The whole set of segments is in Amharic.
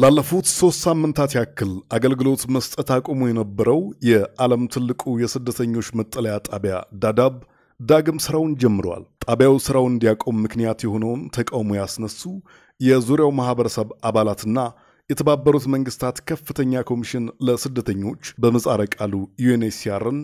ላለፉት ሦስት ሳምንታት ያክል አገልግሎት መስጠት አቁሞ የነበረው የዓለም ትልቁ የስደተኞች መጠለያ ጣቢያ ዳዳብ ዳግም ስራውን ጀምረዋል። ጣቢያው ስራው እንዲያቆም ምክንያት የሆነውን ተቃውሞ ያስነሱ የዙሪያው ማህበረሰብ አባላትና የተባበሩት መንግስታት ከፍተኛ ኮሚሽን ለስደተኞች በመጻረ ቃሉ ዩኤንኤችሲአርን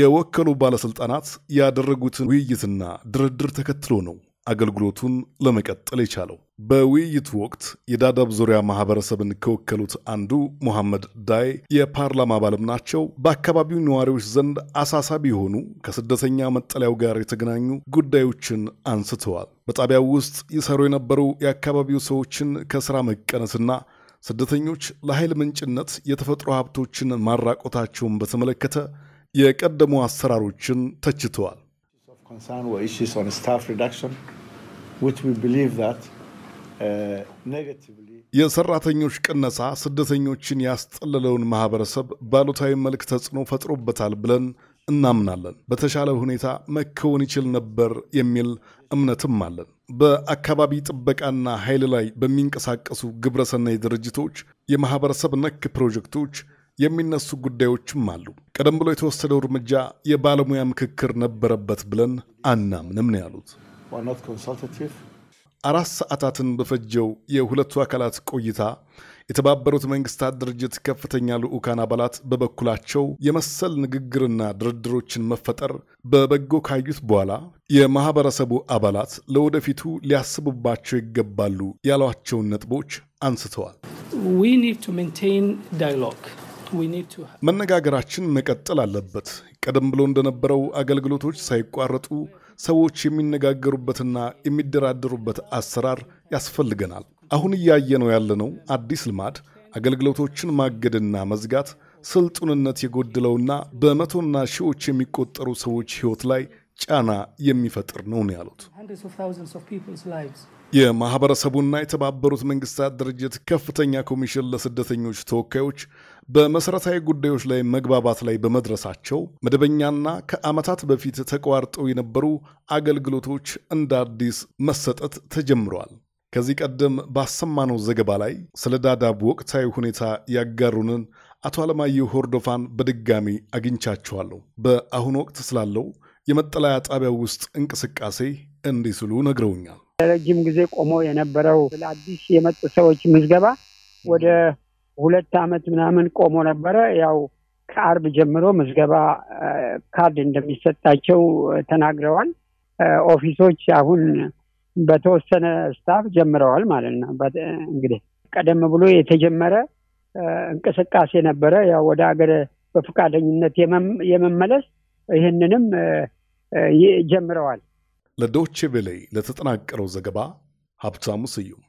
የወከሉ ባለሥልጣናት ያደረጉትን ውይይትና ድርድር ተከትሎ ነው። አገልግሎቱን ለመቀጠል የቻለው። በውይይቱ ወቅት የዳዳብ ዙሪያ ማህበረሰብን ከወከሉት አንዱ ሙሐመድ ዳይ የፓርላማ አባልም ናቸው። በአካባቢው ነዋሪዎች ዘንድ አሳሳቢ የሆኑ ከስደተኛ መጠለያው ጋር የተገናኙ ጉዳዮችን አንስተዋል። በጣቢያው ውስጥ ይሰሩ የነበሩ የአካባቢው ሰዎችን ከሥራ መቀነስና ስደተኞች ለኃይል ምንጭነት የተፈጥሮ ሀብቶችን ማራቆታቸውን በተመለከተ የቀደሙ አሰራሮችን ተችተዋል። Uh, የሰራተኞች ቅነሳ ስደተኞችን ያስጠለለውን ማህበረሰብ ባሉታዊ መልክ ተጽዕኖ ፈጥሮበታል ብለን እናምናለን። በተሻለ ሁኔታ መከወን ይችል ነበር የሚል እምነትም አለን። በአካባቢ ጥበቃና ኃይል ላይ በሚንቀሳቀሱ ግብረሰናይ ድርጅቶች የማህበረሰብ ነክ ፕሮጀክቶች የሚነሱ ጉዳዮችም አሉ። ቀደም ብሎ የተወሰደው እርምጃ የባለሙያ ምክክር ነበረበት ብለን አናምንም ነው ያሉት። አራት ሰዓታትን በፈጀው የሁለቱ አካላት ቆይታ የተባበሩት መንግስታት ድርጅት ከፍተኛ ልዑካን አባላት በበኩላቸው የመሰል ንግግርና ድርድሮችን መፈጠር በበጎ ካዩት በኋላ የማህበረሰቡ አባላት ለወደፊቱ ሊያስቡባቸው ይገባሉ ያሏቸውን ነጥቦች አንስተዋል። መነጋገራችን መቀጠል አለበት። ቀደም ብሎ እንደነበረው አገልግሎቶች ሳይቋረጡ ሰዎች የሚነጋገሩበትና የሚደራደሩበት አሰራር ያስፈልገናል። አሁን እያየነው ያለነው አዲስ ልማድ አገልግሎቶችን ማገድና መዝጋት ስልጡንነት የጎደለውና በመቶና ሺዎች የሚቆጠሩ ሰዎች ሕይወት ላይ ጫና የሚፈጥር ነው ነው ያሉት። የማኅበረሰቡና የተባበሩት መንግስታት ድርጅት ከፍተኛ ኮሚሽን ለስደተኞች ተወካዮች በመሠረታዊ ጉዳዮች ላይ መግባባት ላይ በመድረሳቸው መደበኛና ከዓመታት በፊት ተቋርጠው የነበሩ አገልግሎቶች እንደ አዲስ መሰጠት ተጀምሯል። ከዚህ ቀደም ባሰማነው ዘገባ ላይ ስለ ዳዳብ ወቅታዊ ሁኔታ ያጋሩንን አቶ አለማየሁ ሆርዶፋን በድጋሚ አግኝቻቸዋለሁ። በአሁኑ ወቅት ስላለው የመጠለያ ጣቢያ ውስጥ እንቅስቃሴ እንዲህ ስሉ ነግረውኛል። ለረጅም ጊዜ ቆሞ የነበረው ለአዲስ የመጡ ሰዎች ምዝገባ ወደ ሁለት አመት ምናምን ቆሞ ነበረ። ያው ከአርብ ጀምሮ ምዝገባ ካርድ እንደሚሰጣቸው ተናግረዋል። ኦፊሶች አሁን በተወሰነ ስታፍ ጀምረዋል ማለት ነው። እንግዲህ ቀደም ብሎ የተጀመረ እንቅስቃሴ ነበረ ያው ወደ ሀገር በፈቃደኝነት የመመለስ ይህንንም ጀምረዋል። ለዶች ቬሌ ለተጠናቀረው ዘገባ ሀብታሙ ስዩም